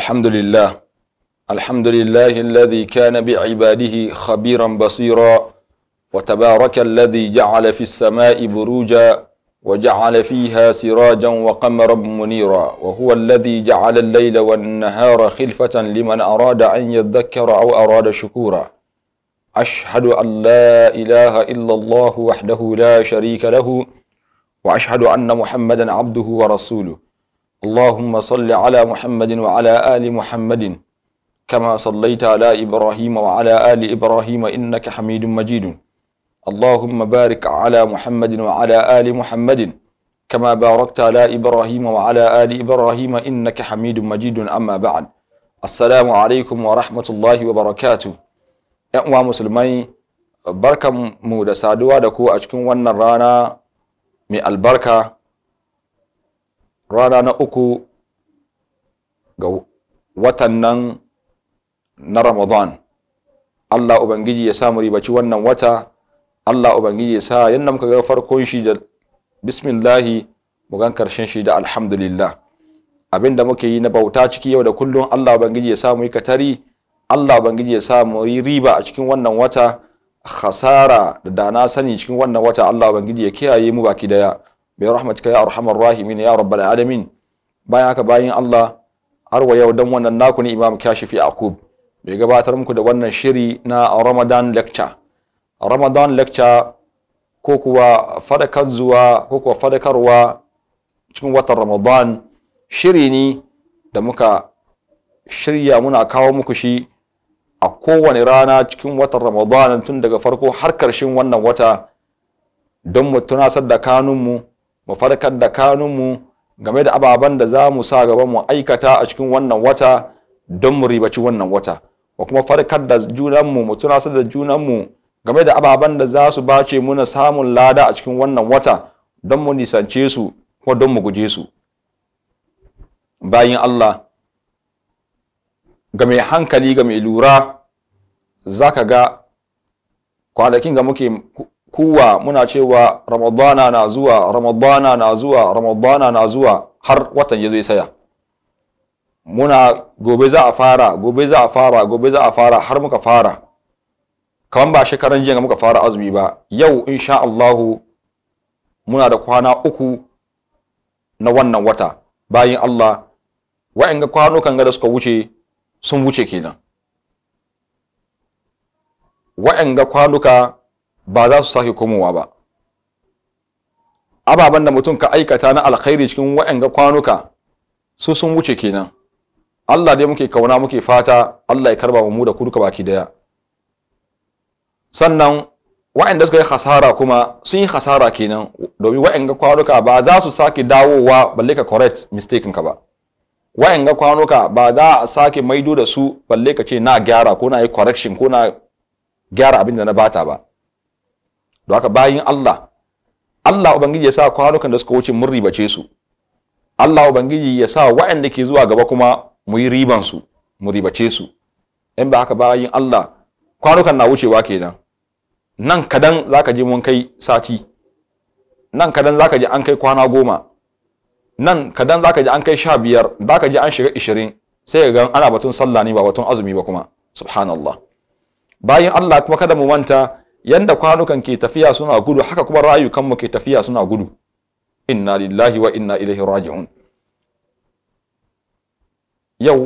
الحمد لله الحمد لله الذي كان بعباده خبيرا بصيرا وتبارك الذي جعل في السماء بروجا وجعل فيها سراجا وقمرا منيرا وهو الذي جعل الليل والنهار خلفة لمن أراد أن يذكر أو أراد شكورا أشهد أن لا إله إلا الله وحده لا شريك له وأشهد أن محمدا عبده ورسوله اللهم صل على محمد وعلى آل محمد كما صليت على إبراهيم وعلى آل إبراهيم إنك حميد مجيد اللهم بارك على محمد وعلى آل محمد كما باركت على إبراهيم وعلى آل إبراهيم إنك حميد مجيد أما بعد Assalamu alaikum wa rahmatullahi wa barakatu. ‘Yan uwa musulmai, barkan mu da saduwa da ku a cikin wannan rana mai albarka rana na uku ga watan nan na Ramadan Allah ubangiji ya sa mu ribaci wannan wata Allah ubangiji ya sa yanda muka ga farkon shi da bismillahi mu gan karshen shi da alhamdulillah abinda muke yi na bauta ciki yau da kullum Allah ubangiji ya mu yi katari Allah ubangiji ya mu yi riba a cikin wannan wata khasara da na sani cikin wannan wata Allah ubangiji ya kiyaye mu baki daya bai rahmatika ya arhamar rahimin ya rabbal alamin bayan haka bayan Allah har wa yau dan wannan naku ne Imam a kub bai gabatar muku da wannan shiri na Ramadan lecture Ramadan lecture ko kuwa fadakar zuwa ko kuwa fadakarwa cikin watan Ramadan shiri ne da muka shirya muna kawo muku shi a kowane rana cikin watan Ramadan tun daga farko har karshen wannan wata don mu tunasar da kanunmu mu farkar da kanunmu game da ababen da za mu sa gaba mu aikata a cikin wannan wata don mu ribaci wannan wata wa kuma farkar da junanmu mu su da junanmu game da ababen da za su bace muna samun lada a cikin wannan wata don mu nisance su ko don mu guje su bayan Allah ga mai hankali ga mai lura za ka ga kwanakin ga muke kuwa muna cewa ramadana na zuwa ramadana na zuwa ramadana na zuwa har watan ya zo saya muna gobe za a fara gobe za a fara gobe za a fara har muka fara kamar ba shekaran jiya muka fara azumi ba yau insha Allahu muna da kwana uku na wannan wata bayan Allah wa'anga kwanukan ga da suka wuce sun wuce kenan wa'anga kwanuka ba za su sake komowa ba ababen da mutum ka aikata na alkhairi cikin waɗanga kwanuka su sun wuce kenan Allah dai muke kauna muke fata Allah ya karba mu da kuduka baki daya sannan waɗanda suka yi hasara kuma sun yi hasara kenan domin waɗanga kwanuka ba za su sake dawowa balle ka correct mistake ka ba waɗanga kwanuka ba za a sake maido da su balle ka ce na gyara ko na yi correction ko na gyara abin da na bata ba da haka bayin Allah Allah ubangiji ya sa kwanukan da suka wuce mun ribace su Allah ubangiji ya sa waɗanda ke zuwa gaba kuma mu yi ribansu mu ribace su in ba haka bayin Allah kwanukan na wucewa kenan nan kadan za ka je mun kai sati nan kadan za ka je an kai kwana goma nan kadan za ka je an kai sha biyar ka ji an shiga ishirin sai ga ana batun sallah ne ba batun azumi ba kuma subhanallah bayan Allah kuma kada mu manta yanda kwanukan ke tafiya suna gudu haka kuma rayukanmu ke tafiya suna gudu inna lillahi wa inna ilaihi raji'un yau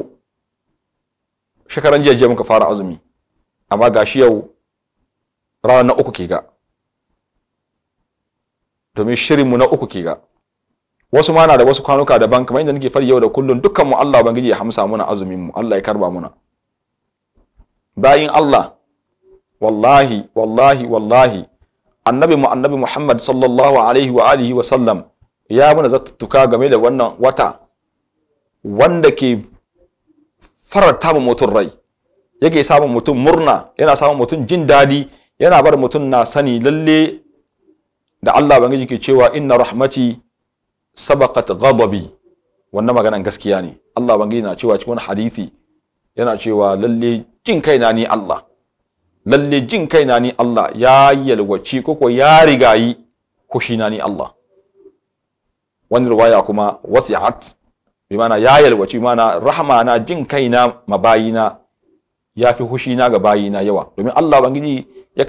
shekaran jiya muka fara azumi amma gashi yau rana na uku ke ga domin shirinmu na uku ke ga wasu ma da wasu kwanuka daban kamar yadda nake fari yau da kullum dukkan mu Allah ubangiji ya hamsa muna azumin mu Allah ya karba muna bayin Allah wallahi wallahi wallahi annabi mu annabi Muhammad sallallahu alaihi wa alihi wa sallam ya mana zattuka game da wannan wata wanda ke farata mu mutum rai yake samun mutum murna yana samun mutum jin daɗi yana bar mutum na sani lalle da Allah bangiji ke cewa inna rahmati sabaqat ghadabi wannan maganan gaskiya ne Allah bangiji na cewa cikin wani hadisi yana cewa lalle jin kaina ni Allah lalle jin kai na ni Allah ya yalwaci ko ya rigayi kushi na ni Allah wani ruwaya kuma wasi'at bi mana ya yalwaci mana rahama na jin kai na mabayina ya fi hushi na ga bayina yawa domin Allah bangiji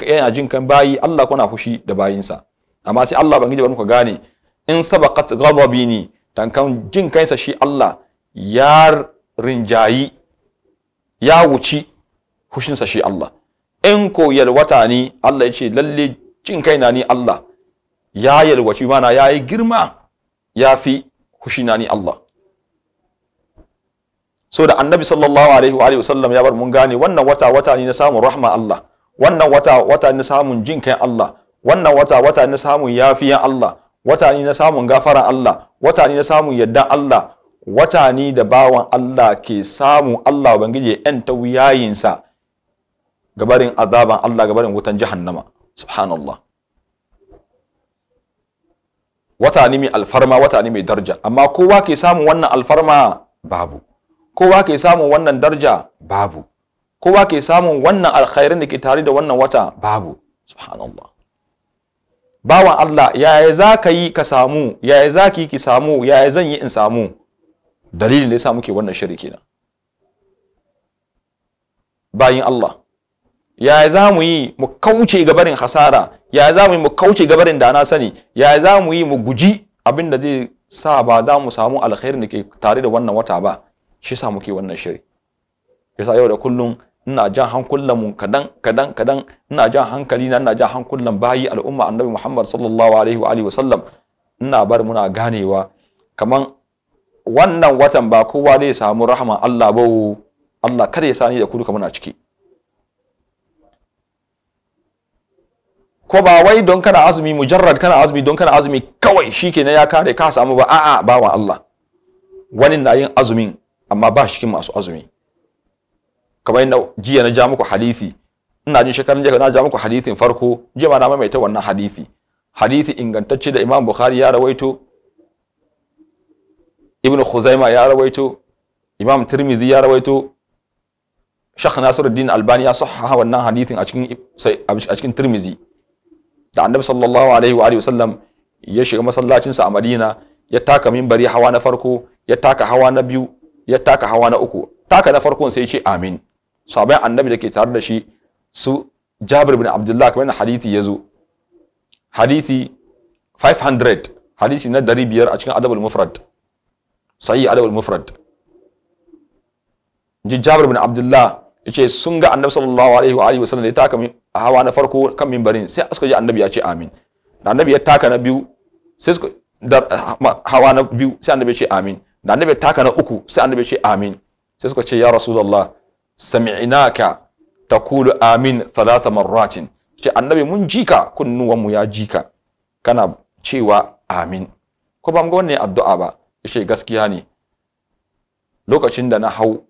yana jin kan bayi Allah kuna hushi da bayinsa amma sai Allah bangiji bani ku gane in sabaqat ghadabi ni kan jin kansa shi Allah ya rinjayi ya wuci hushinsa shi Allah in ko yalwata ni Allah ya ce lalle jin na ni Allah ya yalwaci mana ya yi girma ya fi hushina ni Allah so da annabi sallallahu alaihi wa alihi sallam ya bar mun gane wannan wata wata ne na samun rahma Allah wannan wata wata ne na samun jin kai Allah wannan wata wata ne na samun yafiyan Allah wata ne na samun gafara Allah wata ne na samun yadda Allah wata ne da bawan Allah ke samu. Allah ubangiji ya yanta wuyayinsa gabarin azaban Allah gabarin wutan jahannama subhanallah wata ne mai alfarma wata ne mai darja amma kowa ke samun wannan alfarma babu kowa ke samun wannan darja babu kowa ke samun wannan alkhairin da ke tare da wannan wata babu subhanallah bawan Allah yaya za ka yi ka samu yaya za ki ki samu yaya zan yi in samu dalilin da ya sa muke wannan shiri kenan bayin Allah ya za mu yi mu kauce gabarin hasara ya za mu yi mu kauce gabarin da na sani ya za mu yi mu guji abin da zai sa ba za mu samu alkhairin da ke tare da wannan wata ba shi sa muke wannan shiri yasa yau da kullum ina jan hankulan mu kadan kadan kadan ina jan hankali na ina jan hankulan bayi al'umma annabi Muhammad sallallahu alaihi wa alihi wasallam ina bar muna ganewa kaman wannan watan ba kowa zai samu rahman Allah ba Allah kada ya sani da kudu kamar a ciki ko ba wai don kana azumi mujarrad kana azumi don kana azumi kawai shikenan ya kare ka samu ba a'a ba wa Allah wani na yin azumin amma ba shi masu azumi kamar yadda jiya na ja muku hadisi ina jin shekarun jiya na ja muku hadisin farko jiya ma na maimaita wannan hadisi hadisi ingantacce da Imam Bukhari ya rawaito Ibn Khuzaima ya rawaito Imam Tirmidhi ya rawaito Sheikh Nasiruddin Albani ya sahaha wannan hadisin a cikin a cikin Tirmidhi da annabi sallallahu alaihi wa wasallam ya shiga masallacinsa a madina ya taka minbari hawa na farko ya taka hawa na biyu ya taka hawa na uku taka na farkon sai ya ce amin sahabai annabi da ke tare da shi su jabir bin abdullah kamar na hadithi ya zo hadithi 500 Hadithi na biyar a cikin adabul mufrad sahih adabul mufrad ji jabir bin abdullah yace sun ga annabi sallallahu alaihi wa alihi wasallam da ya taka hawa na farko kan minbarin sai suka ji annabi ya ce amin da annabi ya taka na biyu sai suka da hawa na biyu sai annabi ya ce amin da annabi ya taka na uku sai annabi ya ce amin sai suka ce ya rasulullah sami'naka taqulu amin thalatha marratin ce annabi mun jika kunnuwan mu ya jika kana cewa amin ko ba mu ga wannan addu'a ba yace gaskiya ne lokacin da na hau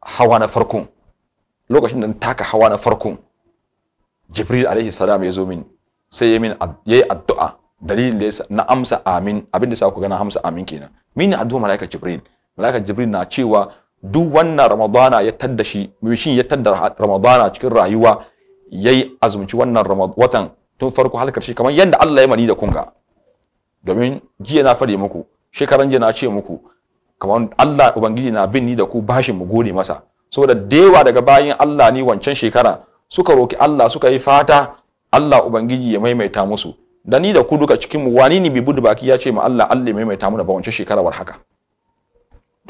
hawa na farkon lokacin da na taka hawa na farko, jibril alaihi salam ya zo min sai ya min yayi addu'a dalilin da na amsa amin abin da sa ku gana amsa amin kenan mini addu'a malaika jibril malaika jibril na cewa duk wannan ramadana ya tadda shi mishin ya tadda ramadana cikin rayuwa yayi azumci wannan watan tun farko har karshe kamar yadda Allah ya mani da kunga domin jiya na fade muku shekaran jiya na ce muku kamar Allah ubangiji na bin ni da ku bashin mu gode masa saboda dewa daga bayan Allah ni wancan shekara suka roki Allah suka yi fata Allah ubangiji ya maimaita musu da ni da ku duka cikin mu wani ne bibu baki ya ce ma Allah Allah ya maimaita mu da ba wancan shekara war haka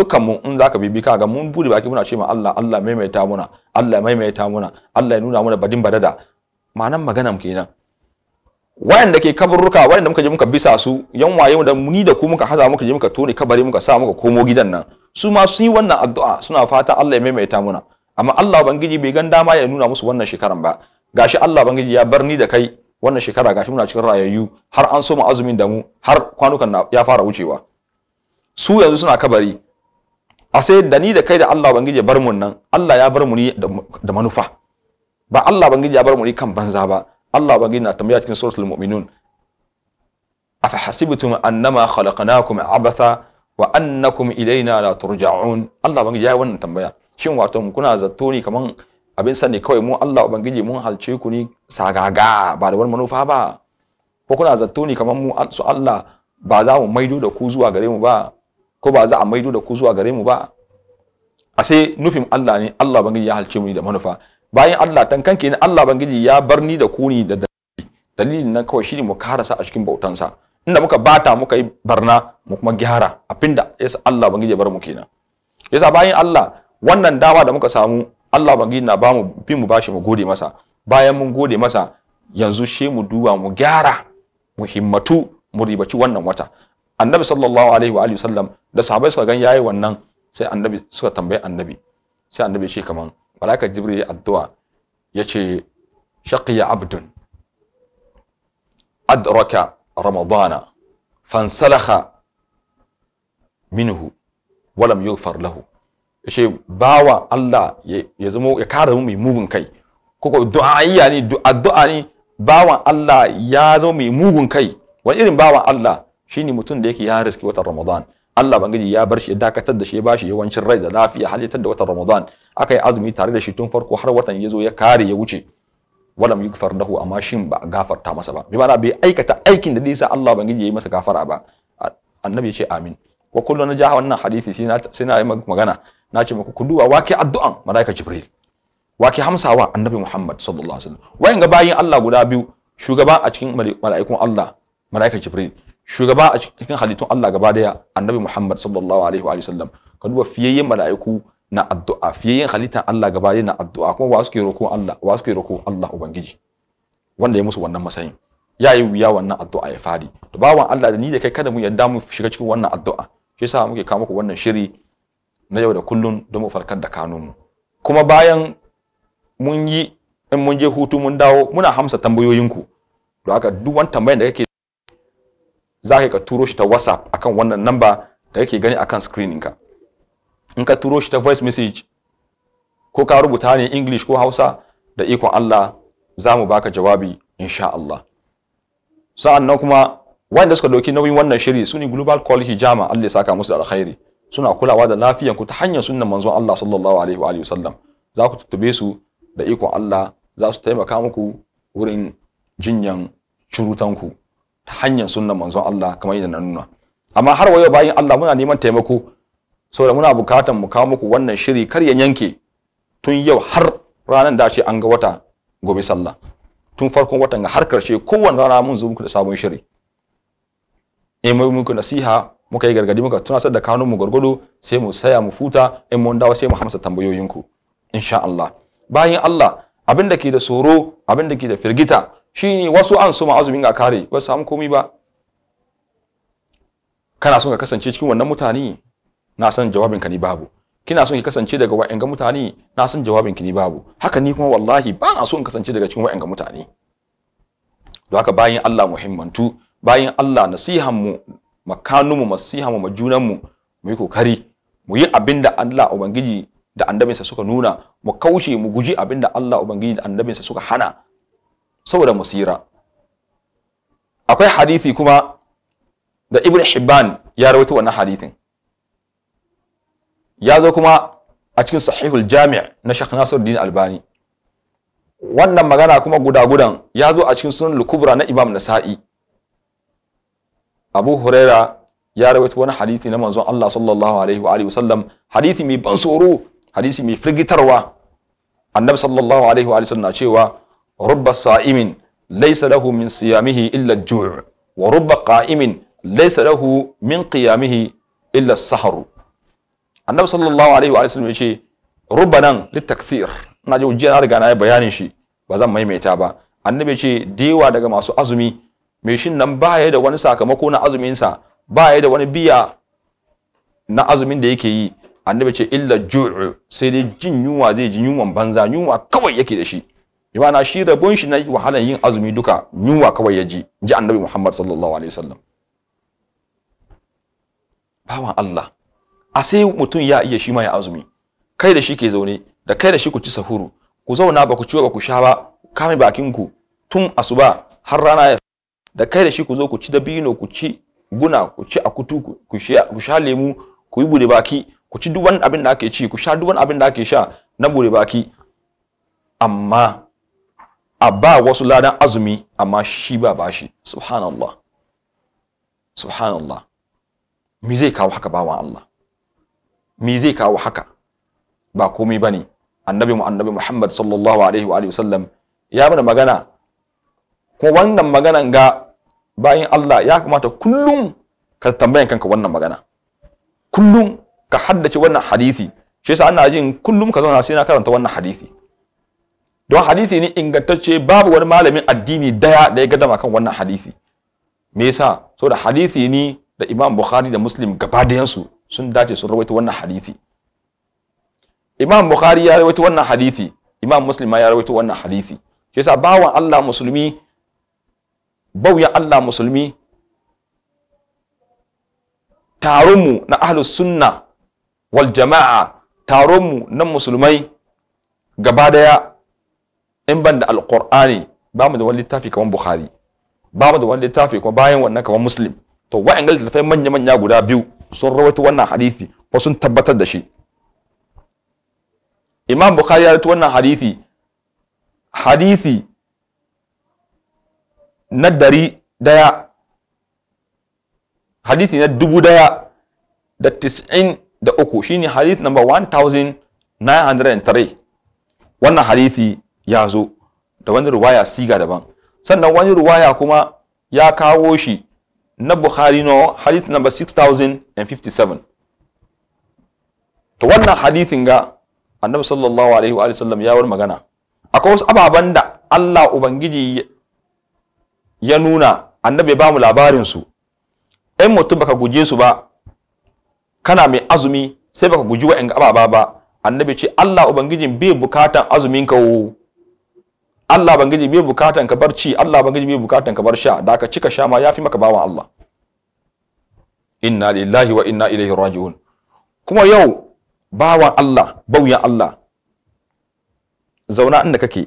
dukkan mu in zaka bibi ka ga mun bude baki muna ce ma Allah Allah maimaita muna Allah maimaita muna Allah ya nuna muna badin badada ma'anan maganan kenan waɗanda ke kaburruka wayanda muka je muka bisa su yan waye da ni da ku muka haza muka je muka tone kabari muka sa muka komo gidan nan su ma sun yi wannan addu'a suna fata Allah ya maimaita muna amma Allah bangiji bai gan dama ya nuna musu wannan shekaran ba gashi Allah bangiji ya bar ni da kai wannan shekara gashi muna cikin rayayyu har an so mu azumin da mu har kwanukan ya fara wucewa su yanzu suna kabari a sai da ni da kai da Allah bangiji ya bar mun nan Allah ya bar mu ni da manufa ba Allah bangiji ya bar mu ni kan banza ba Allah bangi na tambaya cikin suratul mu'minun afa hasibtum annama khalaqnakum abatha wa annakum ilaina la turja'un Allah bangi ya wannan tambaya shin wato kuna zato ne kaman abin sani kawai mu Allah ubangiji mun halce ku ni sagaga ba da wani manufa ba ko kuna zato ne kaman mu su Allah ba za mu maido da ku zuwa gare mu ba ko ba za a maido da ku zuwa gare mu ba a sai nufin Allah ne Allah ubangiji ya halce mu da manufa bayan Allah tankan ne Allah bangiji ya bar ni da kuni da dalili dalilin nan kawai shine mu karasa a cikin bautansa inda muka bata muka yi barna mu kuma gyara abinda yasa Allah bangiji ya bar mu kenan yasa bayan Allah wannan dawa da muka samu Allah bangiji na bamu mu bi mu bashi mu gode masa bayan mun gode masa yanzu she mu duwa, mu gyara mu himmatu mu ribaci wannan wata annabi sallallahu alaihi wa alihi wasallam da sahabbai suka gan yayi wannan sai annabi suka tambaye annabi sai annabi ce kaman malaka jibril ya addu'a yace shaqiya abdun adraka ramadana fansalakha minhu walam yughfar lahu yace bawa Allah ya zamo ya kare mu mai mugun kai koko du'a'iyya ne addu'a ne bawan Allah ya zo mai mugun kai wani irin bawan Allah shine mutum da yake ya riski watan Ramadan Allah bangiji ya bar shi ya dakatar da shi ya bashi yawancin rai da lafiya halittar da watan Ramadan aka yi azumi tare da shi tun farko har watan ya zo ya kare ya wuce walam yukfar lahu amma shin ba gafarta masa ba bi ma'ana bai aikata aikin da zai Allah ubangiji yayi masa gafara ba annabi ya ce amin wa kullu na jaha wannan hadisi sai na yi magana na ce muku kullu wake addu'an malaika jibril wake hamsawa annabi muhammad sallallahu alaihi wasallam wayan ga bayin Allah guda biyu shugaba a cikin mala'ikun Allah malaika jibril shugaba a cikin halittun Allah gaba daya annabi muhammad sallallahu alaihi wa sallam ka duba fiyayyen mala'iku na addu'a fiye yin halittar Allah gaba yana addu'a kuma wa suke roƙo Allah wa suke Allah ubangiji wanda ya musu wannan matsayin ya yi wuya wannan addu'a ya fadi to bawan Allah da ni da kai kada mu yadda mu shiga cikin wannan addu'a shi yasa muke kawo muku wannan shiri na yau da kullun don mu farkar da mu. kuma bayan mun yi in mun je hutu mun dawo muna hamsa tambayoyinku don haka duk wani tambayar da kake za ka turo shi ta whatsapp akan wannan namba da kake gani akan screeninka in ka turo shi ta voice message ko ka rubuta ne english ko hausa da ikon allah za mu baka jawabi insha allah sa'an nan kuma wanda suka dauki nauyin wannan shiri su global college jama allah ya saka musu da alkhairi suna kulawa da ku ta hanyar sunnan manzon allah sallallahu alaihi wa sallam za ku tuttube su da ikon allah za su taimaka muku wurin jinyan curutanku ta hanyar sunnan manzon allah kamar yadda na nuna amma har wayo yau allah muna neman taimako da muna bukatan mu kawo muku wannan shiri kar yanke tun yau har ranar da ce an ga wata gobe sallah tun farkon watan har karshe kowane rana mun zo muku da sabon shiri in eh, mai muku nasiha muka yi gargadi muka tunasar da kanunmu gwargwado sai mu saya mu futa in mun dawo sai mu hamsa tambayoyinku insha Allah bayan Allah abin da ke da tsoro abin da ke da firgita shine wasu an so azumin ga kare ba samu komai ba kana son ka kasance cikin wannan mutane na san jawabin ka ni babu kina son ki kasance daga wa'anga mutane na san jawabin ki ni babu haka ni kuma wallahi ba na son kasance daga cikin wa'anga mutane don haka bayan Allah muhimmantu bayan Allah nasihan mu mu nasihan mu majunan mu yi kokari mu yi abinda Allah ubangiji da sa suka nuna mu kaushe mu guji abinda Allah ubangiji da annabinsa suka hana saboda musira akwai hadisi kuma da ibnu hibban ya rawaito wannan hadisin ya zo kuma a cikin sahihul jami' na Sheikh Nasiruddin Albani wannan magana kuma guda-gudan ya zo a cikin sunan lukubra na Imam Nasa'i Abu Huraira ya rawaito wani hadisi na manzon Allah sallallahu alaihi wa alihi wasallam hadisi mai ban tsoro hadisi mai firgitarwa annabi sallallahu alaihi wa alihi na cewa rubba sa'imin laysa lahu min siyamihi illa ju' wa rubba qa'imin laysa lahu min qiyamihi illa sahru annabi sallallahu alaihi wa sallam yace rubanan litakthir ina ji jiya na riga na bayanin shi ba zan maimaita ba annabi yace dewa daga masu azumi mai shin nan ba ya da wani sakamako na azuminsa ba ya da wani biya na azumin da yake yi annabi ce illa ju'u sai dai jin yunwa zai ji yunwan banza yunwa kawai yake da shi imana shi rabon shi na wahalan yin azumi duka yunwa kawai ya ji ji annabi muhammad sallallahu alaihi wasallam bawan allah a sai mutum ya iya shi ma ya azumi kai da shi ke zaune da kai da shi ku ci sahuru ku zauna ba ku ci ba ku sha ba kame bakin ku tun asuba har rana ya da kai da shi ku zo ku ci dabino ku ci guna ku ci akutu ku sha lemu ku yi bude baki ku ci duk wani abin da ake ci ku sha duk wani abin da ake sha na bude baki amma a ba wasu ladan azumi amma shi ba bashi subhanallah subhanallah me zai kawo haka bawan Allah me zai kawo haka ba komai ba bane annabi mu annabi Muhammad sallallahu alaihi wa alihi ya bada magana kuma wannan maganan ga bayan Allah ya kamata kullum ka tambaya kanka wannan magana kullum ka haddace wannan hadisi shi yasa ana jin kullum ka zauna sai na karanta wannan hadisi don hadisi ne ingantacce babu wani malamin addini daya da ya gadama kan wannan hadisi me yasa saboda hadisi ne da Imam Bukhari da Muslim gaba yansu sun dace sun rawaita wannan hadithi imam bukhari ya rawaita wannan hadithi imam muslim ya rawaita wannan hadithi shi yasa bawan Allah musulmi bauya Allah musulmi taronmu na ahlus sunna wal jama'a taronmu na musulmai gaba daya in ban da alqur'ani ba mu da wani littafi kamar bukhari ba mu da wani littafi kuma bayan wannan kamar muslim to wa'annan littafai manya manya guda biyu sun rawaito wannan hadisi ko sun tabbatar da shi imam bukhari ya rawaito wannan hadisi hadisi na dari daya hadisi na dubu daya da tis'in da uku shine hadisi number 1903 wannan hadisi ya zo da wani ruwaya siga daban sannan wani ruwaya kuma ya kawo shi na bukhari no hadith number 6057 to wannan hadithin ga annabi sallallahu alaihi wa sallam ya war magana akwai wasu ababen da Allah ubangiji ya nuna annabi ba mu labarin su in mutum baka guje su ba kana mai azumi sai baka guji wa'in ababa ba annabi ce Allah ubangijin bai bukatan azumin ka wo Allah bangiji bai bukatan ka bar ci Allah bangiji bai bukatan ka bar sha da ka cika sha ma yafi maka bawan Allah inna lillahi wa inna ilaihi raji'un kuma yau bawan Allah bauyan Allah zauna inda kake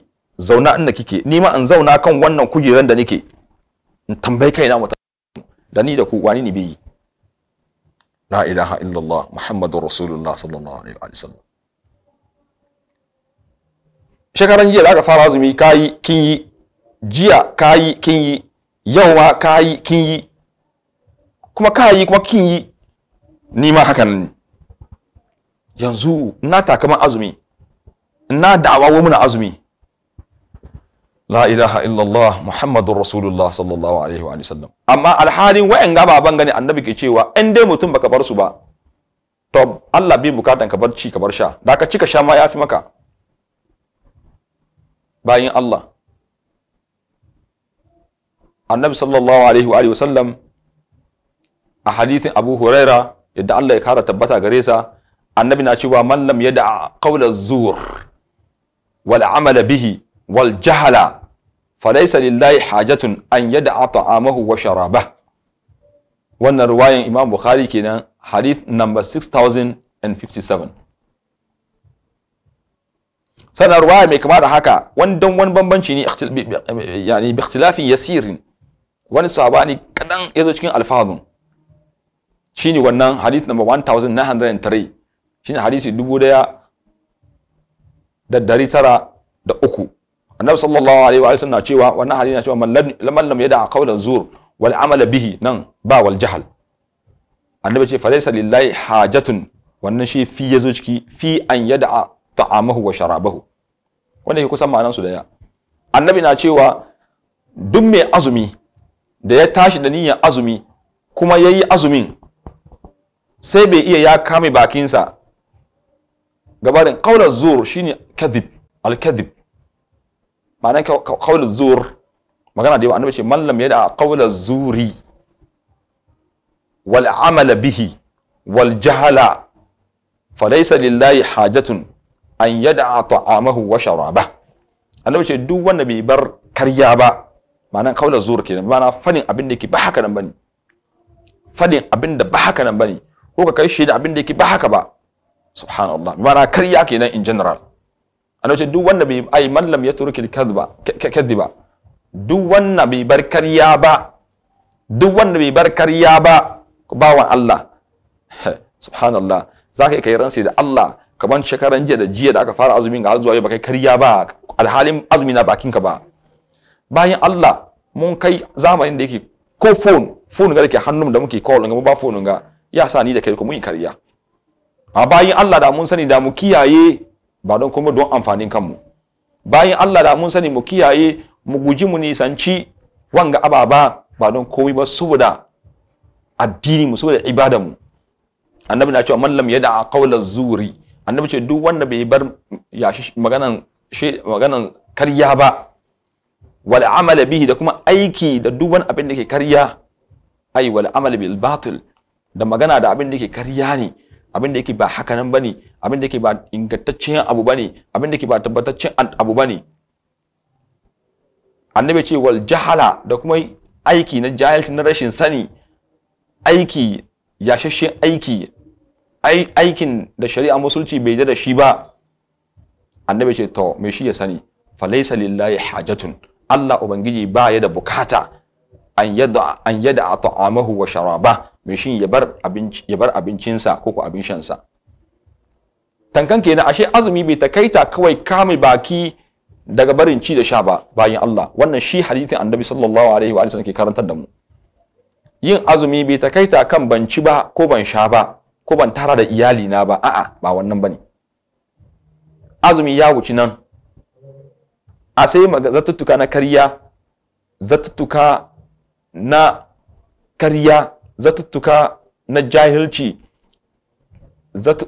zauna inda kike ni ma in zauna kan wannan kujeran da nake in tambayi kaina mata da ni da ku wani ne bai la ilaha illallah muhammadur rasulullah sallallahu alaihi wasallam shekaran jiya da aka fara azumi kayi kin yi jiya kayi kin yi yau ma kayi kin yi kuma kayi kuma kin yi ni ma hakan ne yanzu na takaman azumi na da'awa muna azumi la ilaha illallah muhammadur rasulullah sallallahu alaihi wa sallam amma alhalin wayan gaba ban gani annabi ke cewa in dai mutum baka bar su ba to Allah bi bukatan ka bar ci ka bar sha da ka cika sha ma yafi maka bayan Allah annabi sallallahu alaihi wa alihi a hadithin abu huraira yadda Allah ya kara tabbata gare sa annabi na cewa man lam yada qawla zur wal amala bihi wal jahala falaysa lillahi hajatun an yada ta'amahu wa sharaba wannan ruwayan imam bukhari kenan hadith number 6057 sannan ruwaya mai kama da haka wani wani bambanci ne yani bi ikhtilafin yasirin wani sabani kadan ya zo cikin alfazun shine wannan hadith number 1903 shine hadisi dubu daya da dari tara da uku annabi sallallahu alaihi wa sallam na cewa wannan hadisi na cewa man lam yada qawlan zur wal amala bihi nan ba wal jahal annabi ce fa laysa lillahi hajatun wannan shi fi yazo ciki fi an yada ta'amahu wa sharabahu wanda ke kusan ma'anan su daya annabi na cewa duk mai azumi da ya tashi da niyyar azumi kuma ya yi azumin sai bai iya ya kame bakinsa gabarin kaular zur ne kadib al-kadib ma'anar kaular zur magana da yawa annabi ce mallam lam yada kaular zuri wal amala bihi wal jahala falaisa lillahi hajatun an yada'a ta'amahu wa sharaba annabi ce duk wanda bai bar karya ba ma'ana kaula zuwa kenan ma'ana fadin abin da yake ba haka nan bane fadin abin da ba haka nan bane ko ka kai shi da abin da yake ba haka ba subhanallah ma'ana karya kenan in general annabi ce duk wanda bai ai mallam ya turki kadhiba kadhiba duk wanda bai bar karya ba duk wanda bai bar karya ba bawan Allah subhanallah zaka kai ransa da Allah kaman shekaran jiya da jiya da aka fara azumin ga har zuwa yau kai kariya ba alhalin azumi na bakinka ba bayan Allah mun kai zamanin da yake ko phone phone ga da ke hannun da muke call ga ba phone ga ya sa ni da kai ko mun yi a bayan Allah da mun sani da mu kiyaye ba don kuma don amfanin kanmu bayan Allah da mun sani mu kiyaye mu guji mu nisanci wanga ababa ba don komai ba saboda addini mu saboda ibada mu annabi na cewa man lam yada qawla zuri annabi ce duk wanda bai bar yashi maganan maganan karya ba wal amala bihi da kuma aiki da duk wani abin da ke karya ai wal amala bil batil da magana da abin da ke karya ne abin da yake ba haka nan bane abin da yake ba ingantaccen abu bane abin da yake ba tabbataccen abu bane annabi ce wal jahala da kuma aiki na jahilci na rashin sani aiki yashashen aiki aikin da shari'a musulci bai da shi ba annabi ce to me shi ya sani falaisa lillahi hajatun Allah ubangiji ba ya da bukata an yada an ta'amahu wa sharaba me shi ya bar abincinsa ko ko abin shansa tankan kenan ashe azumi bai takaita kawai kame baki daga barin ci da sha ba bayan Allah wannan shi hadithin annabi sallallahu alaihi wa sallam ke karantar da mu yin azumi bai takaita kan ban ci ba ko ban sha ba ko ban tara da iyali na ba a'a ba wannan bane azumi ya wuci nan a sai zatuttuka na karya zatuttuka na karya zatuttuka na jahilci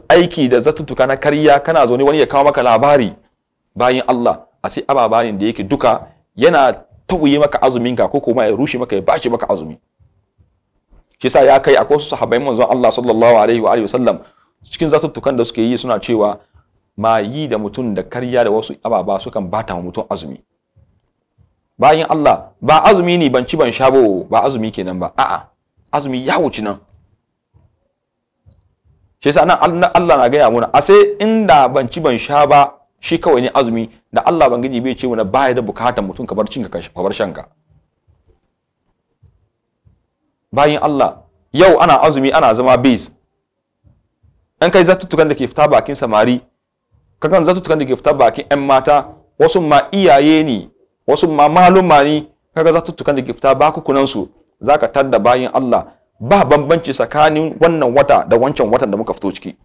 aiki da zatuttuka na karya kana zaune wani ya kawo maka labari bayan Allah a sai ababarin da yake duka yana tauye maka azuminka ko kuma ya rushe maka ya bashi maka azumi shi yasa ya kai akwai wasu sahabbai manzon Allah sallallahu alaihi wa alihi wasallam cikin zatuttukan da suke yi suna cewa mayi da mutum da karya da wasu ababa sukan bata mutum azumi bayan Allah ba azumi ne ban ci ban sha ba azumi kenan ba a'a azumi ya wuci nan shi yasa nan Allah na gaya mana a sai inda ban ci ban sha ba shi kawai ne azumi da Allah bangiji bai ce mana baya da bukatar mutum ka bar ka bar shanka bayan Allah yau ana azumi ana zama base an kai zatuttukan da ke fita bakin samari kakan zatuttukan da ke fita bakin 'yan mata wasu ma iyaye ne wasu ma maluma ne kaga zatuttukan da ke fita bakukunan su zaka tadda bayan Allah ba bambanci tsakanin wannan wata da wancan watan da muka fito ciki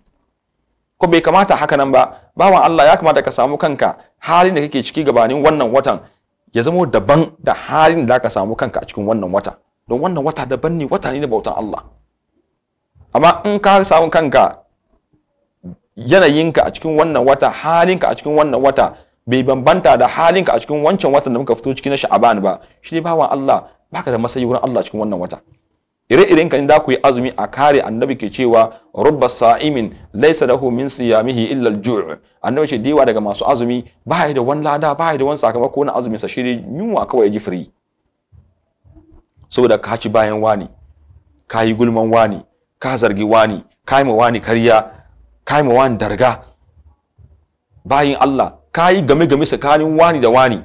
ko bai kamata haka nan ba bawan Allah ya kamata ka samu kanka halin da kake ciki gabanin wannan watan ya zamo daban da halin da ka samu kanka a cikin wannan wata don wannan wata daban ne wata ne na bautan Allah amma in ka samu kanka yanayinka a cikin wannan wata halinka a cikin wannan wata bai bambanta da halinka a cikin wancan watan da muka fito cikin sha'aban ba shi ne bawan Allah baka da masayi wurin Allah cikin wannan wata ire-iren kan da ku yi azumi a kare annabi ke cewa rubba sa'imin laysa lahu min siyamihi illa al annabi ce diwa daga masu azumi ba da wani lada ba da wani sakamako na azumin sa shi yunwa kawai ya ji free saboda ka haci bayan wani ka yi gulman wani ka zargi wani ka yi ma wani karya ka yi ma wani darga bayin Allah ka yi game-game tsakanin wani da wani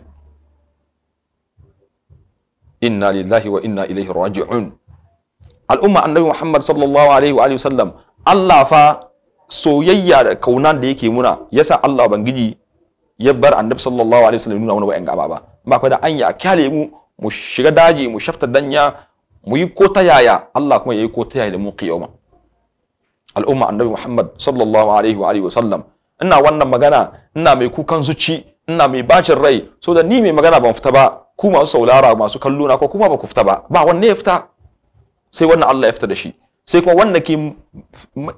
inna lillahi wa inna ilaihi raji'un al'umma annabi Muhammad sallallahu alaihi wa sallam Allah fa soyayya da kaunan da yake muna yasa Allah bangiji ya bar annabi sallallahu alaihi wa sallam. nuna wani wa'in gaba ba ba da anya kyale mu mu shiga daji mu shafta danya mu yi ko ta yaya Allah kuma ya yi ko ta yaya da mu qiyama al'umma annabi Muhammad sallallahu alaihi wa alihi wa sallam ina wannan magana ina mai kukan zuci ina mai bacin rai so da ni mai magana ban fita ba ku masu saulara masu kallo na ko kuma ba ku fita ba ba wanne ya fita sai wannan Allah ya fita da shi sai kuma wanda ke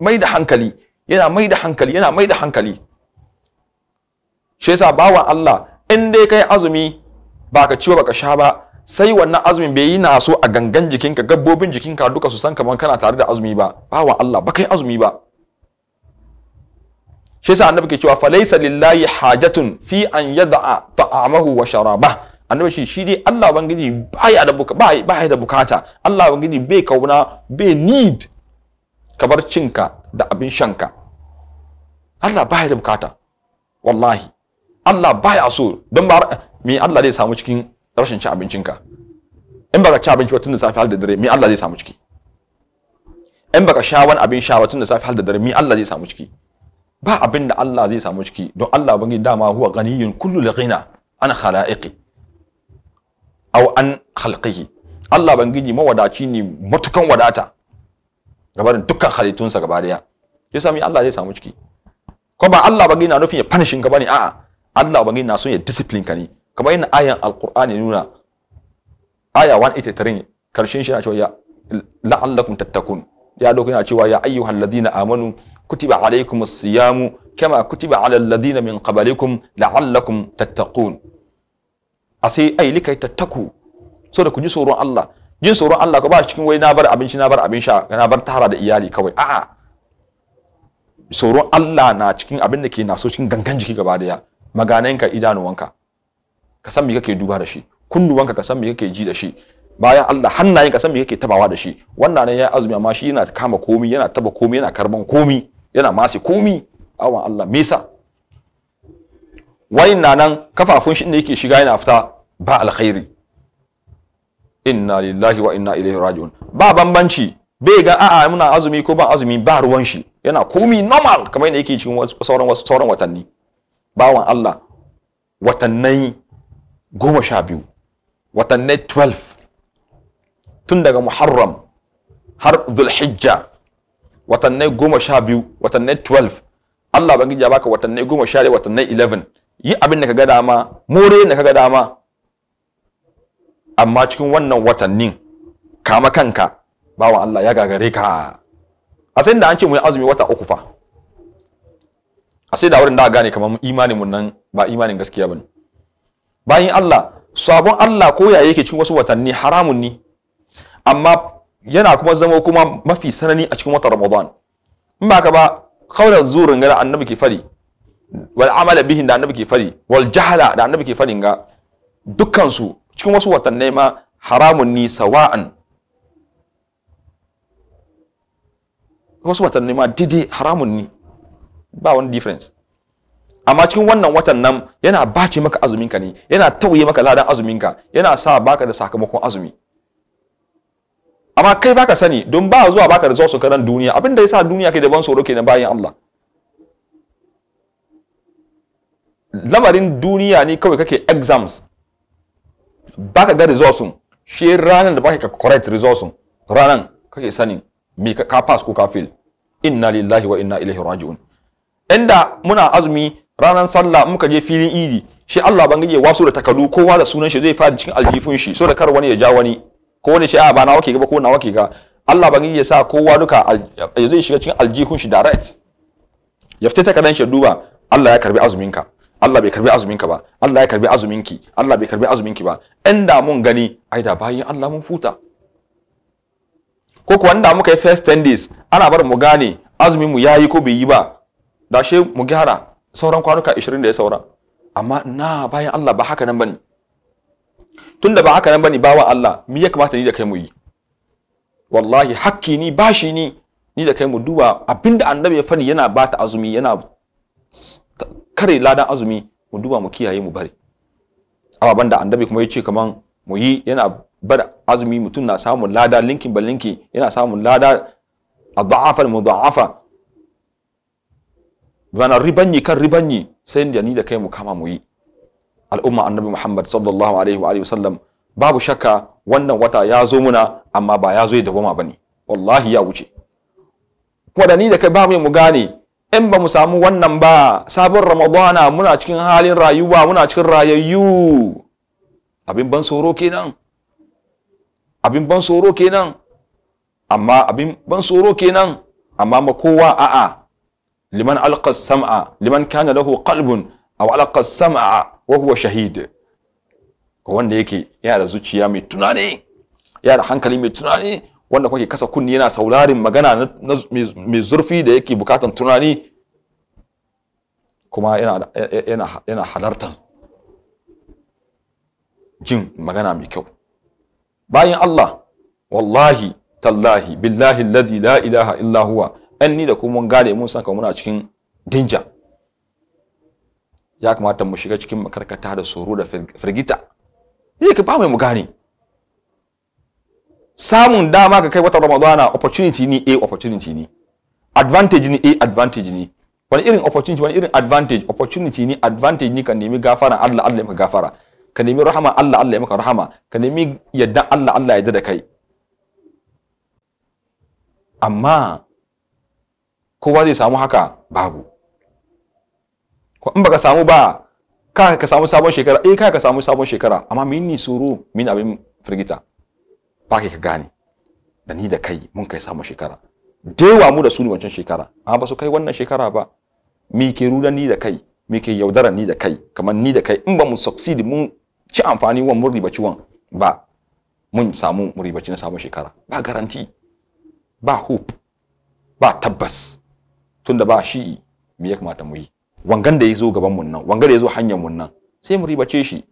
mai da hankali yana mai da hankali yana mai da hankali shi yasa bawan Allah in dai kai azumi baka ciwo baka sha ba sai wannan azumin bai yi na so a gangan jikinka gabobin jikinka duka su san kamar kana tare da azumi ba bawa Allah ba kai azumi ba shi yasa annabi ke cewa laysa lillahi hajatun fi an yad'a ta'amahu wa sharaba annabi shi shi dai Allah bangiji baya da bai baya da bukata Allah bangiji bai kauna bai need kabar cinka da abin shanka Allah baya da bukata wallahi Allah baya so don ba me Allah zai samu cikin rashin ci abincinka in baka ci abinci tun da safe har da dare me Allah zai samu ciki in baka sha wani abin sha ba tun da safe har da dare me Allah zai samu ciki ba abin da Allah zai samu ciki don Allah bangi dama huwa ghaniyyun kullu laqina ana khala'iqi aw an khalqihi Allah bangiji mawadaci ne matukan wadata gabarin dukkan halittunsa gaba daya ya sami Allah zai samu ciki ko ba Allah bangiji na nufin ya punishin ka bane a'a Allah bangiji na so ya discipline ka ne kamar yana ayan alqur'ani nuna aya 183 karshen shi yana cewa ya la'allakum tattakun ya lokacin yana cewa ya ayyuhal ladina amanu kutiba alaykumus siyamu kama kutiba alal ladina min qablikum la'allakum tattaqun asai ai likai tattaku so da ku ji tsoron Allah jin tsoron Allah ko ba cikin wai na bar abinci na bar abin sha na bar tara da iyali kawai a'a tsoron Allah na cikin abin da ke na so cikin gangan jiki gaba daya magananka idanuwanka ka san me kake duba da shi kunnuwanka ka san me kake ji da shi bayan Allah hannayen ka san me kake tabawa da shi wannan ne ya azumi amma shi yana kama komi yana taba komi yana karban komi yana masi komi awan Allah me yasa wayin nan kafafun shi inda yake shiga yana fita ba alkhairi inna lillahi wa inna ilaihi raji'un ba bambanci bai ga a'a muna azumi ko ba azumi ba ruwan shi yana komi normal kamar yadda yake cikin sauran sauran watanni bawan Allah watannai goma sha biyu watannai 12 tun daga muharram har zulhijja watannai goma sha biyu watannai 12 Allah bangiji ya baka watannai goma sha watannai 11 yi abin da ka ga dama more da ka ga dama amma cikin wannan watannin kama kanka wa Allah ya gagare ka a sai da an ce mu yi azumi wata uku fa a sai da wurin da gane kamar imanin mun nan ba imanin gaskiya bane bayan Allah sabon Allah ko yaya yake cikin wasu watanni haramun ne amma yana kuma zama kuma mafi sanani a cikin watan Ramadan in ba ka ba qaulan zurin ga annabi ke fari wal amala bihi da annabi ke fari wal jahala da annabi ke fari ga dukkan su cikin wasu watanni ma haramun ni sawa'an wasu watanni ma didi haramun ni ba wani difference amma cikin wannan watan nan yana bace maka azuminka ne yana tauye maka ladan azuminka yana sa baka da sakamakon azumi amma kai baka sani don ba zuwa baka da zuwa karan duniya abin da yasa duniya ke da ban tsoro kenan bayan Allah lamarin duniya ne kawai kake exams baka ga results shi ranar da baka ka correct results ranan kake sani me ka pass ko ka fail inna lillahi wa inna ilaihi raji'un inda muna azumi ranar sallah muka je filin idi shi Allah ban gaje waso da takadu kowa da sunan shi zai fadi cikin aljifin shi so da kar wani ya ja wani ko wani shi a ba nawa ke ga ko na wake ga Allah ban gaje sa kowa duka ya zai shiga cikin aljihun shi direct ya fita takadan shi duba Allah ya karbi azumin ka Allah bai karbi azumin ka ba Allah ya karbi azumin ki Allah bai karbi azumin ki ba inda mun gani ai da bayan Allah mun futa ko kuwa da muka yi first 10 days ana bar mu gane azumin mu yayi ko bai yi ba da she mu gyara sauran kwanuka 20 da ya saura amma na bayan Allah ba haka nan bane da ba haka nan bane bawa Allah me ya kamata ni da kai mu yi wallahi hakki ni bashi ni ni da kai mu duba abinda annabi ya fani yana bata azumi yana kare ladan azumi mu duba mu kiyaye mu bari ababen da annabi kuma ya ce kaman mu yi yana bar azumi mutum na samun lada linkin ba linki yana samun lada a da'afar mu bana ribanyi kan ribanyi sai da ni da kai mu kama mu yi al'umma annabi Muhammad sallallahu alaihi wa alihi babu shakka wannan wata ya zo muna amma ba ya zo ya dawoma bane wallahi ya wuce kuma da ni da kai ba mu mu gane in ba mu samu wannan ba sabon ramadana muna cikin halin rayuwa muna cikin rayayyu abin ban soro kenan abin ban soro kenan amma abin ban soro kenan amma ma kowa a'a liman alqa sam'a liman kana lahu qalbun aw alqa sam'a wa huwa shahid wanda yake yana da zuciya mai tunani yana da hankali mai tunani wanda kuma ke kasa kunni yana saurarin magana mai zurfi da yake bukatan tunani kuma yana halartar jin magana mai kyau bayan Allah wallahi tallahi billahi alladhi la ilaha illa huwa ɗan ni da kuma mun gane mun san kamar muna cikin dinja ya kamata mu shiga cikin makarkata da tsoro da firgita ne ka ba mai mu gane samun dama ka kai wata ramadana opportunity ne a opportunity ne advantage ne a advantage ne wani irin opportunity wani irin advantage opportunity ne advantage ne ka nemi gafara Allah Allah ya maka gafara ka nemi rahama Allah Allah ya maka rahama ka nemi yadda Allah Allah ya yarda da kai amma kowa zai samu haka babu in ka samu ba ka ka samu sabon shekara eh ka ka samu sabon shekara amma min ni suru min abin firgita ba ka gane da ni da kai mun kai samun shekara dewa mu da su ne wancan shekara amma ba su kai wannan shekara ba mi ke ruda ni da kai mi ke yaudara ni da kai kamar ni da kai in ba mu succeed mun ci amfani wa mun ribaci wan ba mun samu mu ribaci na samun shekara ba garanti ba hope ba tabbas tunda ba shi me ya kamata mu yi wangan da ya zo gaban mun nan wangan da ya hanyar mun nan sai mu ribace shi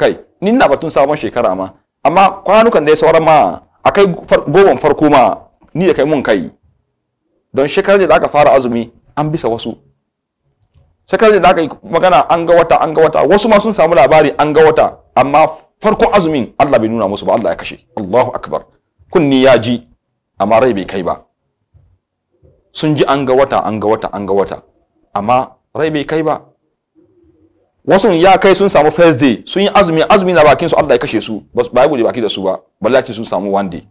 kai ni ina batun sabon shekara ma amma kwanukan da ya sauran ma akai goban farko ma ni da kai mun kai don shekarar da aka fara azumi an bisa wasu shekarar da aka yi magana an ga wata an ga wata wasu ma sun samu labari an ga wata amma farkon azumin Allah bai nuna musu ba Allah ya kashe Allahu akbar kunni ya ji amma rai bai kai ba sun ji an ga wata an ga wata an ga wata amma rai bai kai ba wasu ya kai sun samu first day sun yi azumi azumi na bakin su Allah ya kashe su ba ya gode baki da su ba balla ce sun samu one day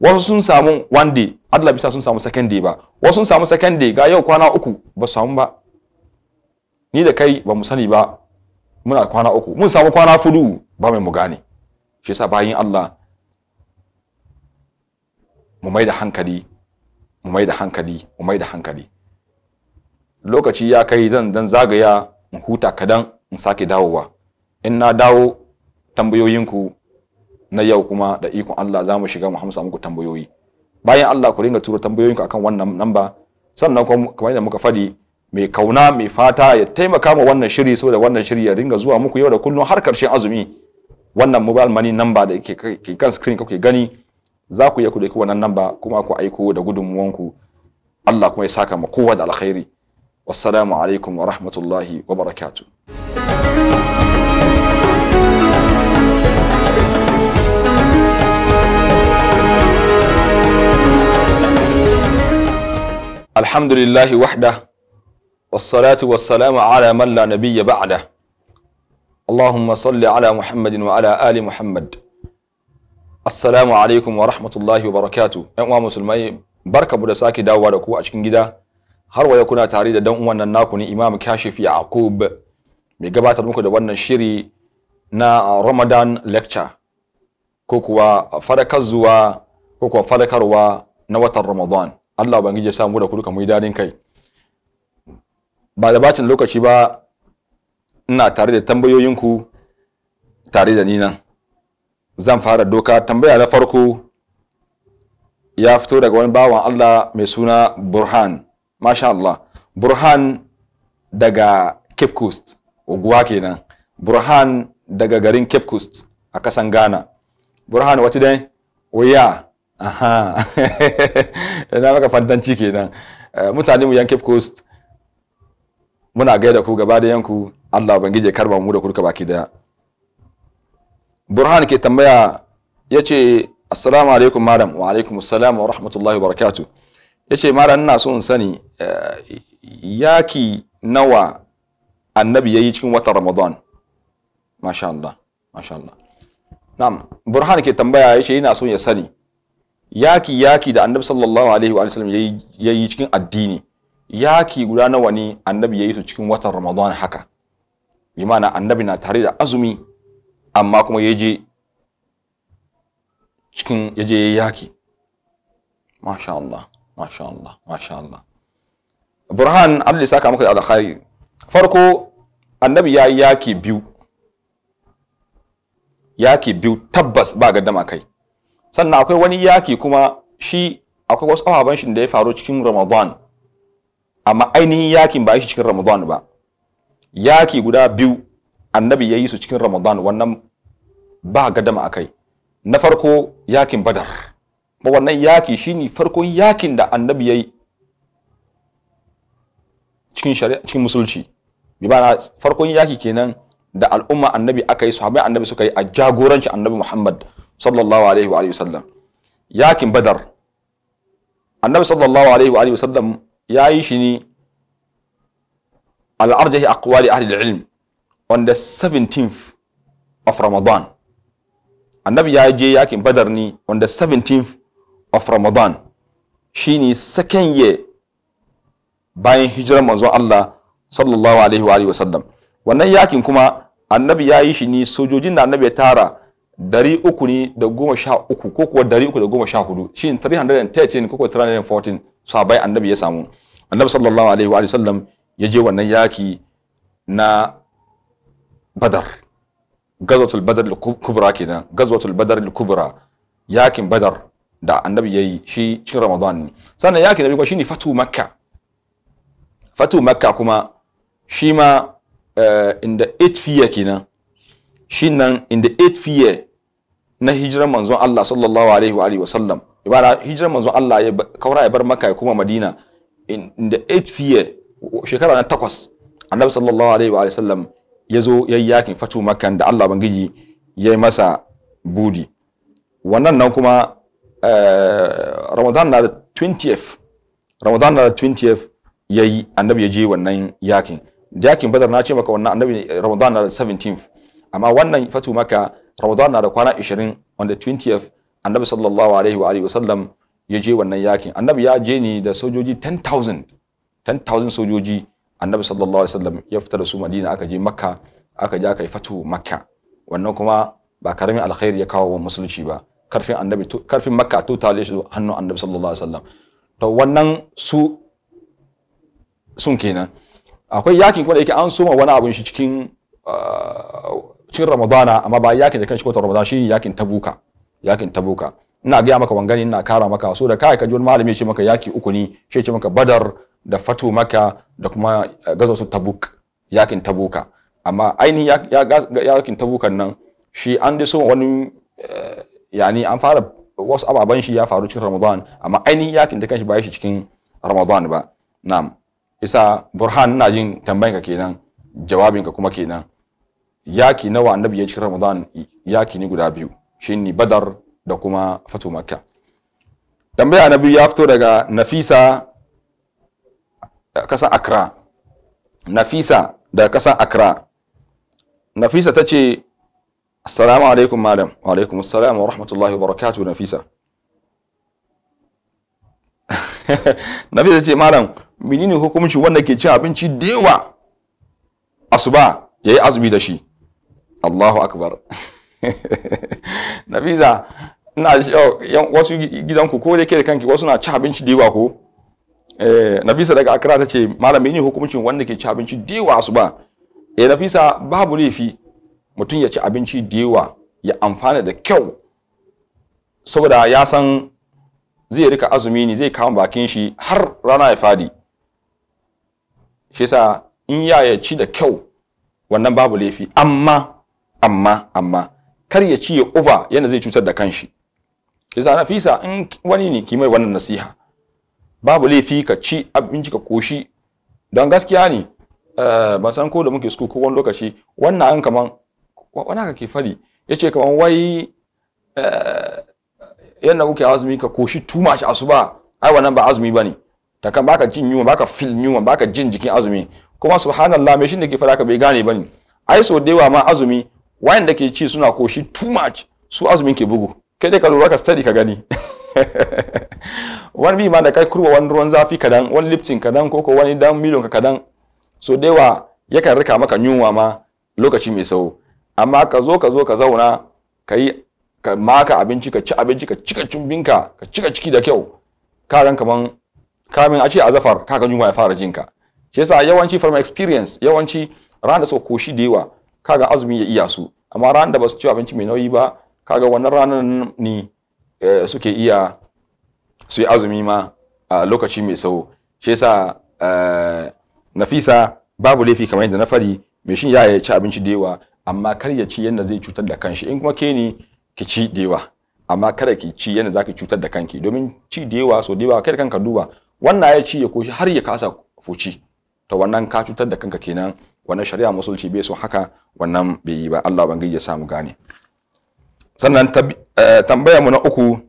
wasu sun samu one day Allah bisa sun samu second day ba wasu sun samu second day ga yau kwana uku ba samu ba ni da kai ba mu sani ba muna kwana uku mun samu kwana fudu ba mai mu gane shi yasa bayin Allah mu mai da hankali mu mai da hankali mai da hankali lokaci ya kai zan dan zagaya in huta kadan in sake dawowa in na dawo tambayoyinku na yau kuma da ikon Allah za mu shiga mu hamsa muku tambayoyi bayan Allah ku ringa tura tambayoyinku akan wannan namba sannan kuma kamar yadda muka fadi mai kauna mai fata ya taimaka ma wannan shiri so da wannan shiri ya ringa zuwa muku yau da kullum har karshen azumi wannan mobile money number da ke kan screen kuke gani za ku iya ku dauki wannan namba kuma ku aiko da gudunmuwan ku Allah kuma ya saka mu kowa da alkhairi wassalamu alaikum wa rahmatullahi wa barakatuh الحمد لله وحده والصلاة والسلام على من لا نبي بعده اللهم صل على محمد وعلى آل محمد Assalamu alaikum wa rahmatullahi wa barakatu. ‘Yan uwa musulmai, barka mu da sake dawowa da ku a cikin gida, har waya kuna tare da dan uwan nan naku ni Imam Kashif Yaqub mai gabatar muku da wannan shiri na Ramadan lecture ko kuwa fadakar zuwa ko kuwa fadakarwa na watan Ramadan. Allah ban gije samu da kuduka duka dadin kai. Ba da bacin lokaci ba ina tare da tambayoyinku tare da ni nan. zan fara doka tambaya na farko ya fito daga wani bawan Allah mai suna Burhan masha Allah Burhan daga Cape Coast uguwa kenan Burhan daga garin Cape Coast a kasan Ghana Burhan wata dai oya aha ina maka fantanci kenan eh, mutane mu yan Cape Coast muna gaida ku gaba da yanku Allah bangije karba mu da kurka baki daya burhan ke tambaya ya ce assalamu alaikum madam wa alaikum assalam wa rahmatullahi wa barakatu ya ce madam ina so in sani eh, yaki nawa annabi ya yi cikin watan ramadan masha Allah masha Allah na'am burhan ke tambaya ya ce ina so ya sani yaki yaki da annabi sallallahu alaihi wa sallam ya yi cikin addini yaki guda nawa ne annabi ya yi su cikin watan ramadan haka bi ma'ana annabi na tare da azumi amma kuma ya je cikin ya je yaki masha Allah masha Allah masha Allah burhan Allah saka maka alkhairi farko annabi ya yi yaki biyu yaki biyu tabbas ba ga dama kai sannan akwai wani yaki kuma shi akwai wasu ababen shi da ya faru cikin ramadan amma ainihin yakin ba shi cikin ramadan ba yaki guda biyu annabi ya yi su cikin ramadan wannan ba gadama a kai na farko yakin badar ba wannan yaki shine farkon yakin da annabi ya yi cikin musulci bi farkon yaki kenan da al'umma annabi aka yi sahabbai annabi suka yi a jagoranci annabi Muhammad sallallahu alaihi wa sallam yakin badar annabi sallallahu alaihi wa sallam ya yi shi ne al'arjahi aqwali ahli ilm on the 17th of Ramadan annabi ya je yakin badar ni on the 17th of Ramadan shine second year bayan hijirar manzon Allah sallallahu alaihi wa alihi wasallam wannan yakin kuma annabi ya yi shi ni sojojin da annabi ya tara dari uku ne da goma sha uku ko kuwa dari uku da goma sha hudu shi 313 ko kuwa 314 sahabai annabi ya samu annabi sallallahu alaihi wa sallam ya je wannan yaki na badar gazwatul badar kubra kenan gazwatul badar kubra yakin badar da annabi yayi shi cikin ramadan ne sannan yakin da kuma shine fatu makka fatu makka kuma in the 8 year kenan shi nan in the 8 year na hijira manzon Allah sallallahu alaihi wa alihi wa sallam ibara hijira manzon Allah ya kaura ya bar makka ya kuma madina in the 8 year shekara na takwas annabi sallallahu alaihi wa alihi wa sallam ya zo ya yi yakin fatu makan da Allah bangiji ya yi masa budi wannan nan kuma eh, ramadan na da 20th ramadan na da 20th ya yi annabi ya je wannan yakin da yakin badar na ce maka wannan annabi eh, ramadan na da 17th amma wannan fatu maka ramadan na da kwana 20 on the 20th annabi sallallahu alaihi wa alihi wasallam ya je wannan yakin annabi ya je ni da sojoji 10000 10000 sojoji annabi sallallahu alaihi wasallam ya fita da su madina aka je makka aka je aka yi fatu makka wannan kuma ba karamin alkhairi ya kawo wa musulunci ba karfin annabi karfin makka to tale shi hannun annabi sallallahu alaihi wasallam to wannan su sun kenan akwai yakin kuma da yake an soma wani abun shi cikin ah, cikin ramadana amma ba yakin da kan shi ko ramadana shi yakin tabuka yakin tabuka ina gaya maka wangani ina kara maka so da kai ka ji wani malami ya ce maka yaki uku ne shi ya ce maka badar da fatu maka da kuma eh, gaza su tabuk yakin tabuka amma ainihin yakin tabukan nan shi an dai so wani eh, yani an fara wasu ababen shi ya faru cikin ramadan amma ainihin yakin da kanshi ba shi cikin ramadan ba na'am isa burhan na jin tambayanka kenan jawabinka kuma kenan yaki nawa annabi ya cikin ramadan yaki ne guda biyu shine badar da kuma fatu makka tambaya na biyu ya fito daga nafisa Kasa Accra Nafisa da kasan Accra Nafisa ta ce Assalamu alaikum madam wa alaikum assalam wa rahmatullahi wa barakatuh Nafisa Nafisa ce madam menene hukumci wanda ke cin abinci da yawa asuba yayi azumi da shi Allahu akbar Nafisa ina wasu gidanku ko da ke da kanki wasu na cin abinci da yawa ko Eh, nafisa daga Akira ta ce malami ne hukuncin wanda ke ci abinci da yawa su ba eh nafisa babu laifi mutum ya ci abinci da ya amfana da kyau saboda ya san zai rika azumi ne zai kama bakin shi har rana ya fadi shi in ya ya ci da kyau wannan babu laifi amma amma amma kar ya ci ya uva yana zai cutar da kanshi shi yasa nafisa in wani ne ki mai wannan nasiha babu laifi ka ci abinci ka koshi don gaskiya ne eh, ban san ko da muke suku ko wani lokaci wannan an kaman wani haka ke fari ya ce kaman wai eh, yadda kuke azumi ka koshi too much asuba ai wannan ba azumi ba ne ta kan baka jin yunwa baka fil yunwa baka jin jikin azumi kuma subhanallah me shi da ke fara ka bai gane ba ne ai so da yawa ma azumi wayanda ke ci suna koshi too much su azumin ke bugu kai dai ka lura ka study ka gani wani bi ma da kai kurwa wani ruwan zafi kadan wani liptin kadan ko wani dan milon ka kadan so da yawa yakan rika maka yunwa ma lokaci mai sau amma ka zo ka zo ka zauna ka yi ka maka abinci ka ci abinci ka cika cumbinka ka cika ciki da kyau ka ran kaman kamin a ce a zafar ka ga yunwa ya fara jinka shi yasa yawanci from experience yawanci ran da suka koshi da yawa kaga azumi ya iya su amma ran da ba su ci abinci mai nauyi ba kaga wannan ranar ni eh, suke iya su yi azumi ma a lokaci mai tsawo shi yasa eh, nafisa babu laifi kamar yadda na fari mai shin ya ci abinci da yawa amma kar ya ci yadda zai cutar da kanshi in kuma ke ni ki ci da yawa amma kada ki ci yadda za cutar da kanki domin ci da yawa so da yawa kai kanka duba wannan ya ci ya koshi har ya kasa fuci to wannan ka cutar da kanka kenan wannan shari'a musulci bai son haka wannan bai yi ba Allah ubangiji ya samu gane sannan eh, tambayar mu na uku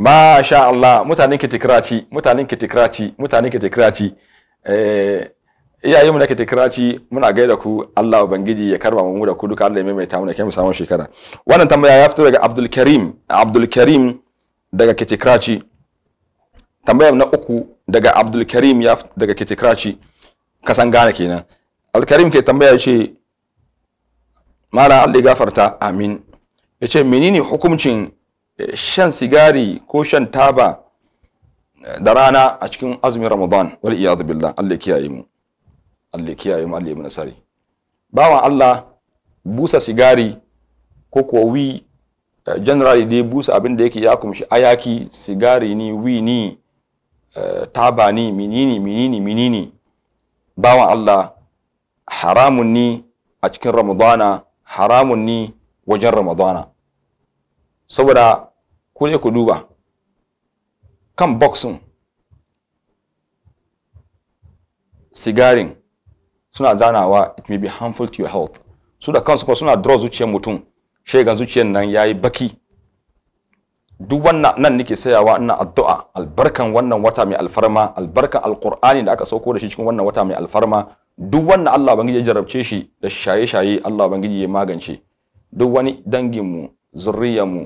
masha Allah mutanen tikraci mutanen tikraci mutanen tikraci eh iyayenmu da tikraci muna gaida ku Allah ubangiji ya karba mu da ku duka Allah ya maimaita mu da kai samu shekara wannan tambaya ya fito daga Abdul Karim Abdul Karim daga tikraci tambayar na uku daga Abdul Karim ya daga kitikraci kasan gane kenan Abdul Karim ke tambaya ce mala Allah ya gafarta amin yace menene hukuncin shan sigari ko shan taba eh, da rana a cikin azumin ramadan wal iyadu billah Allah kiyaye mu Allah kiyaye mu Allah ya muna sari bawan Allah busa sigari ko ko wi eh, generally dai busa abin da yake ya kumshi ayaki sigari ni wi ni eh, taba ni minini minini minini bawan Allah haramun ni a cikin ramadana haramun ni wajen ramadana saboda ku ne ku duba kan boxing sigarin suna zanawa it may be harmful to your health su da kansu ko suna draw zuciyar mutum shegan zuciyar nan yayi baki duk wannan nan nake sayawa ina addu'a albarkan wannan wata mai alfarma albarkan alqur'ani da aka sauko da shi cikin wannan wata mai alfarma duk wannan Allah bangiji ya jarabce shi da shaye-shaye Allah bangiji ya magance duk wani dangin danginmu mu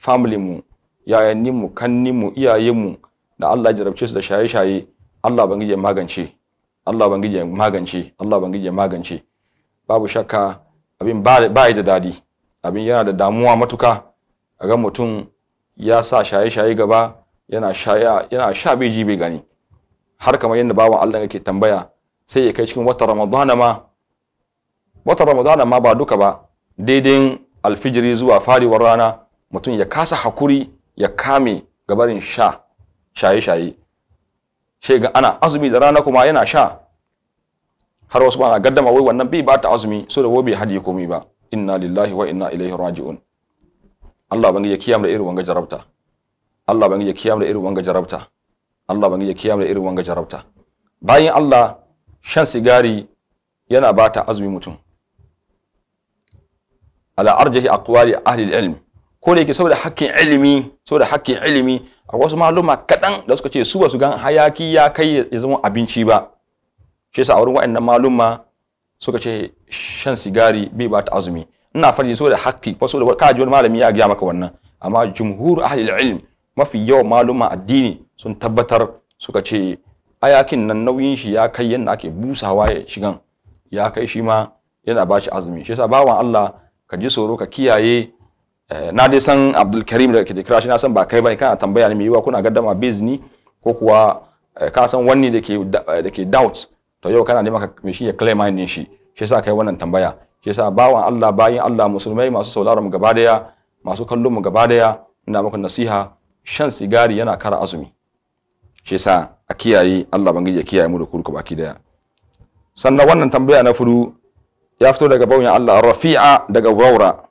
family mu yayanninmu kanninmu iyayenmu da Allah ya jarabce su da shaye-shaye Allah bangije magance Allah bangije magance Allah bangije magance babu shakka abin ba da dadi abin yana da damuwa matuka A ga mutum ya sa shaye-shaye gaba yana shaya yana sha bai ji bai gani har kamar yadda bawan Allah yake tambaya sai ya kai cikin wata Ramadana ma wata Ramadana ma ba duka ba daidai alfijiri zuwa fariwar rana mutum ya kasa hakuri ya kame gabarin sha shaye-shaye shi ga ana azumi da rana kuma yana sha har wasu ana gaddama wai wannan bai ba ta azumi so da bai hadi komai ba inna lillahi wa inna ilaihi raji'un Allah bangi ya kiyam da irin wanga jarabta Allah bangi ya kiyam da irin wanga jarabta Allah bangi ya kiyam da irin wanga jarabta bayan Allah shan sigari yana ba ta azumi mutum ala arjahi aqwali ahli al-ilm ko da yake saboda hakkin ilimi saboda hakkin ilimi a wasu maluma kaɗan da suka ce su ba su gan hayaki ya kai ya zama abinci ba shi yasa a wurin waɗannan maluma suka ce shan sigari bai ba ta azumi ina faɗi saboda hakki ko saboda ka ji wani malami ya gaya maka wannan amma jumhur ahli ilm mafi yawan maluma addini sun tabbatar suka ce hayakin nan nauyin shi ya kai yadda ake busawa ya shigan ya kai shi ma yana ba shi azumi shi yasa bawan Allah ka ji tsoro ka kiyaye Eh, na dai san karim da ke kira shi na san ba kai bane kana tambaya ne mai yiwa kuna gaddama base ni ko kuwa eh, ka san wani eh, da ke doubt to yau kana nema mai shi ya claim ne shi shi yasa kai wannan tambaya shi yasa bawan Allah bayin Allah musulmai masu sauraron mu gaba daya masu kallon mu gaba daya ina maka nasiha shan sigari yana kara azumi shi yasa a kiyaye Allah bangiji ya kiyaye mu da kurku baki daya sannan wannan tambaya na furu ya fito daga bawan Allah Rafi'a daga Waura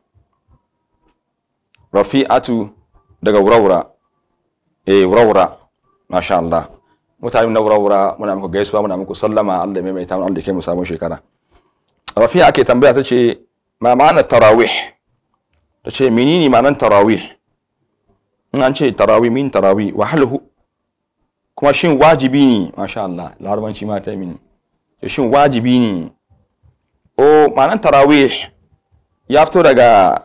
rafi'atu daga wurawura. eh wurawura, masha Allah mutane na wurawura muna muku gaisuwa muna muku sallama Allah mai mai ta Allah ke mu samu shekara rafi'a ake tambaya ta ce ma ma'anar tarawih ta ce menene ma'anar tarawih in an ce tarawih min tarawih wahalhu kuma shin wajibi ne masha Allah larabanci ma ta mini shin wajibi ne o oh, ma'anar tarawih ya fito daga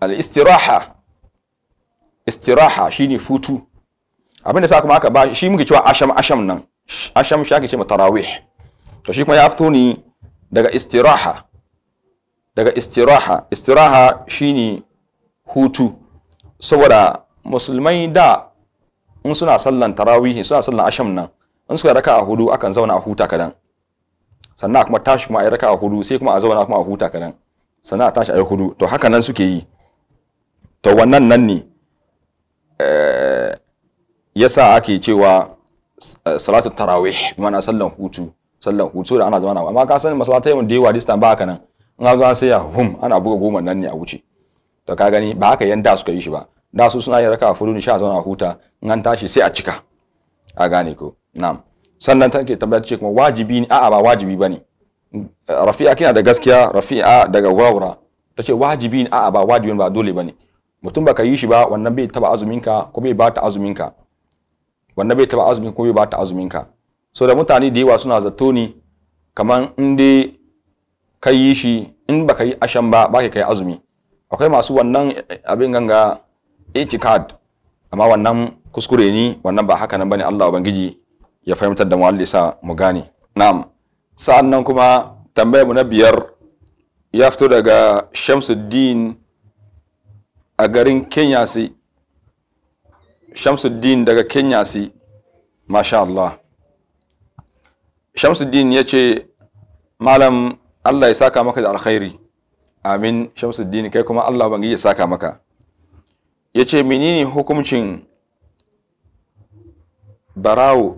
al-istiraha istiraha shine futu abinda sa kuma aka ba shi muke cewa asham asham nan asham shi ake ce tarawih to shi kuma ya fito ne daga istiraha daga istiraha istiraha shine hutu saboda musulmai da in suna sallan tarawih suna sallan asham nan in suka raka a hudu akan zauna a huta kadan sannan kuma tashi kuma a yi raka a hudu sai kuma a zauna kuma a huta kadan sannan a tashi a yi hudu to haka nan suke yi to wannan nan ne Ya sa ake cewa eh, salatu tarawih mana sallan hutu sallan hutu da ana zama na amma ka san masallatai mun da yawa distan ba haka nan in ga zuwa sai ya hum ana buga goma nan ne a wuce to ka gani ba haka yanda suka yi shi ba da su suna yin raka furu ni sha zauna huta in an tashi sai a cika a gane ko na'am sannan take tabbatar ce kuma wajibi ne a'a ba wajibi bane rafi'a kina da gaskiya rafi'a daga wawra tace wajibi ne a'a ba wajibi ba dole bane mutum baka yi shi ba wannan bai taba azuminka ko bai bata azuminka wannan bai taba azumin ko bai bata azuminka so da mutane da yawa suna zato ni kaman in dai ka yi shi in baka yi ashan ba ba kai azumi akwai masu wannan eh, abin ganga itikad amma wannan kuskure ne wannan ba haka nan bane Allah ubangiji ya fahimtar da mu Allah sa mu gane na'am sa'annan kuma tambayar mu na biyar ya fito daga Shamsuddin a garin kenyasi shamsuddin daga kenyasi masha Allah shamsuddin ya ce malam Allah ya saka maka da alkhairi amin shamsuddin kai kuma Allah ban ya saka maka ya ce menene hukuncin barawo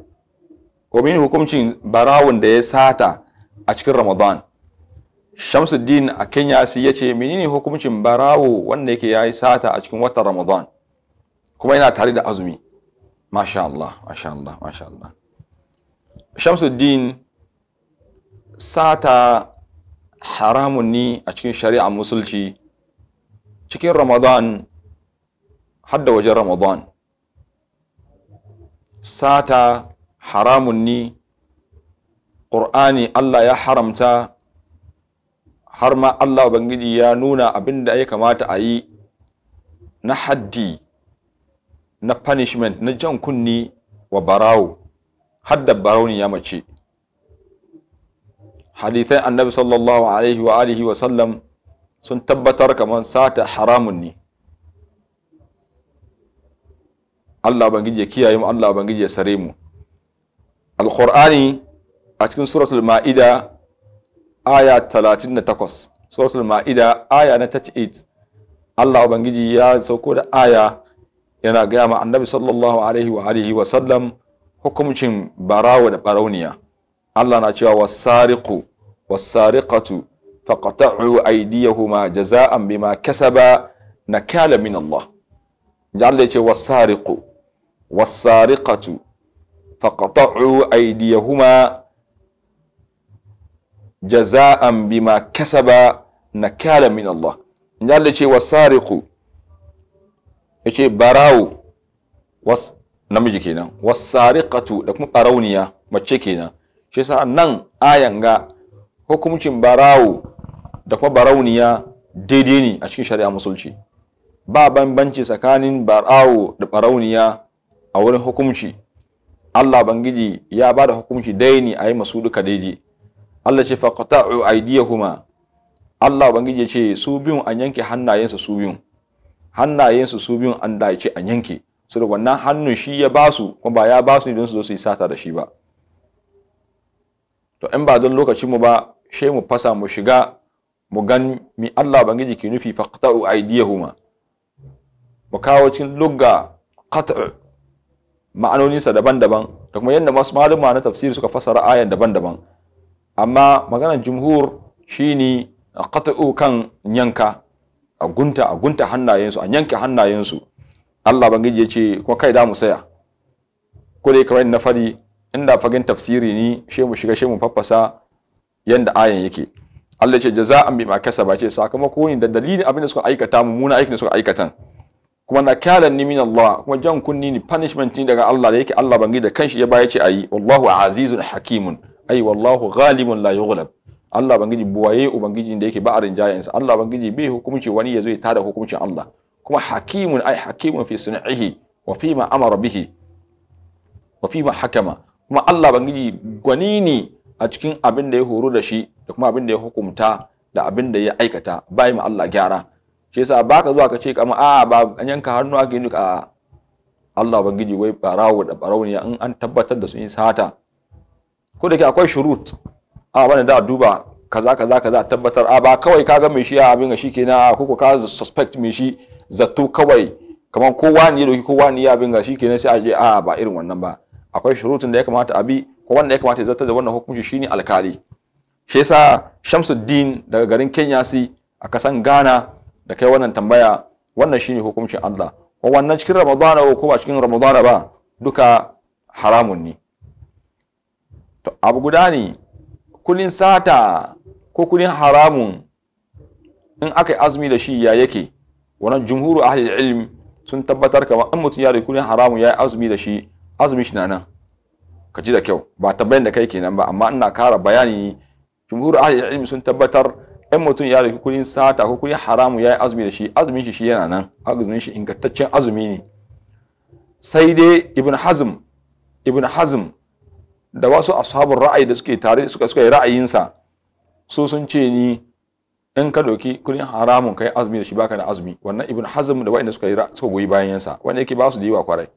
ko menene hukuncin barawon da ya sata a cikin ramadan Shamsuddin a Kenya sai ya ce menene hukuncin barawo wanda yake yayi sata a cikin watan Ramadan kuma yana tare da azumi masha Allah masha Allah masha Allah Shamsuddin sata haramun ni a cikin shari'a musulci cikin Ramadan har da wajen Ramadan sata haramun ne Ƙur'ani Allah ya haramta har ma Allah Ubangiji ya nuna abin da ya kamata a yi na haddi na punishment na jan kunni wa barawo hadda ne ya mace hadithai annabi sallallahu alaihi wa alihi wa sallam sun tabbatar kamar sata haramun ne Allah Ubangiji ya kiyaye mu Allah Ubangiji ya sare mu alqur'ani a cikin suratul Ma'ida aya 38 suratul ma'ida aya na 38 Allah ubangiji ya sauko da aya yana gaya ma annabi sallallahu alaihi wa alihi wa sallam hukumcin barawa da barauniya Allah na cewa wasariqu wasariqatu faqta'u aydiyahuma jaza'an bima kasaba nakala min Allah Allah ya ce wasariqu wasariqatu faqta'u aydiyahuma jaza'an bima kasaba kyala min Allah inda Allah ce sariku ya ce barawu namiji kenan wasariqatu da kuma barauniya mace kenan shi yasa nan ayan ga hukuncin barawu da kuma barauniya daidai ne a cikin shari'a musulci ba bambanci tsakanin barawu da barauniya a wurin hukunci Allah bangiji ya ba da hukunci dai ne a yi masu duka daidai Allah ce faqta'u aydiyahuma Allah ya ce su biyun an yanke hannayensu su biyun hannayensu su biyun an da an yanke su da wannan hannun shi ya basu kuma ba ya basu ne don su zo su yi sata da shi ba to in ba don lokacin mu ba shi mu fasa mu shiga mu gan mi Allah ubangiji ke nufi faqta'u aydiyahuma mu kawo cikin lugga qat'u ma'anoninsa daban-daban da kuma yadda masu malama na tafsiri suka fasara ayan daban-daban amma maganar jumhur shine qat'u kan yanka a gunta a gunta hannayensu a yanke hannayensu Allah bangiji ya ce kuma kai da mu saya ko dai kawai na fari inda fagen tafsiri ni shi mu shiga shi mu faffasa yanda ayan yake Allah ce jaza'an bima kasaba ce sakamako ne da dalilin abin da suka aikata mummuna aikin da suka aikatan kuma na kyalan ni min Allah kuma jan kunni ni punishment ni daga Allah da yake Allah bangi da kanshi ya baya ce ayi wallahu azizun hakimun ai wallahu ghalibun la yughlab Allah bangiji buwaye ubangijin da yake ba a jayansa Allah bangiji bai hukunci wani ya zo ya tada hukuncin Allah kuma hakimun ai hakimun fi sun'ihi wa fi ma amara bihi wa fi ma hakama kuma Allah bangiji gwani ne a cikin abin da ya horo da shi da kuma abin da ya hukumta da abin da ya aikata bai ma Allah gyara shi yasa baka zuwa ka ce kama a ba an yanka hannu ake ni a Allah bangiji wai barawo da barawniya in an tabbatar da su in sata ko da ke akwai shurut a wani da duba kaza kaza kaza tabbatar a ba kawai kaga mai shi a abin ga ke ko ko ka suspect mai shi zato kawai kamar kowa ne ya doki kowa ne ya abin ga shikenan sai a je a ba irin wannan ba akwai shurutun da ya kamata a bi ko wanda ya kamata ya zartar da wannan hukunci shine alkali shi yasa Shamsuddin daga garin Kenya si a kasan Ghana da kai wannan tambaya wannan shine hukuncin Allah ko wannan cikin Ramadana ko ba cikin Ramadana ba duka haramun ne abu guda ne kudin sata ko kudin haramun in aka yi azumi da shi ya yake wannan jumhuru ahli ilm sun tabbatar kamar in mutum ya da kudin haramun ya yi azumi da shi azumi shi na nan ka ji da kyau ba tambayin da kai kenan ba amma ina kara bayani jumhuru ahli ilm sun tabbatar in mutum ya da kudin sata ko kudin haramun ya yi azumi da shi azumin shi shi yana nan azumin shi ingantaccen azumi ne sai dai ibn hazm ibn hazm da wasu ashabun ra'ayi da suke tare suka suka yi ra'ayinsa su sun ce ni in ka doki kudin haramun kai azumi da shi baka da azumi wannan ibn hazm da wa'anda suka yi suka goyi bayan yansa wanda yake ba su da yawa kwarai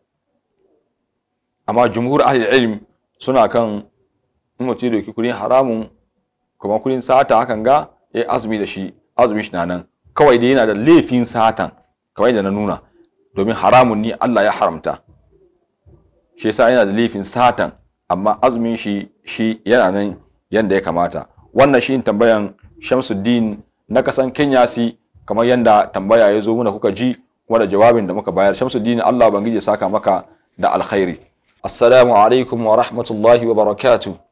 amma jumhur ahli ilm suna kan in mutum doki kudin haramun kuma kudin sata hakan ga ya azumi da shi azumi shi nan kawai dai yana da laifin satan kawai da na nuna domin haramun ni Allah ya haramta shi yasa yana da laifin satan amma azumin shi shi yana nan yanda ya kamata wannan shi tambayan Shamsuddin na kasan si kamar yanda tambaya ya zo muna kuka ji kuma da jawabin da muka bayar Shamsuddin Allah ubangiji ya saka maka da alkhairi assalamu alaikum wa rahmatullahi wa barakatuh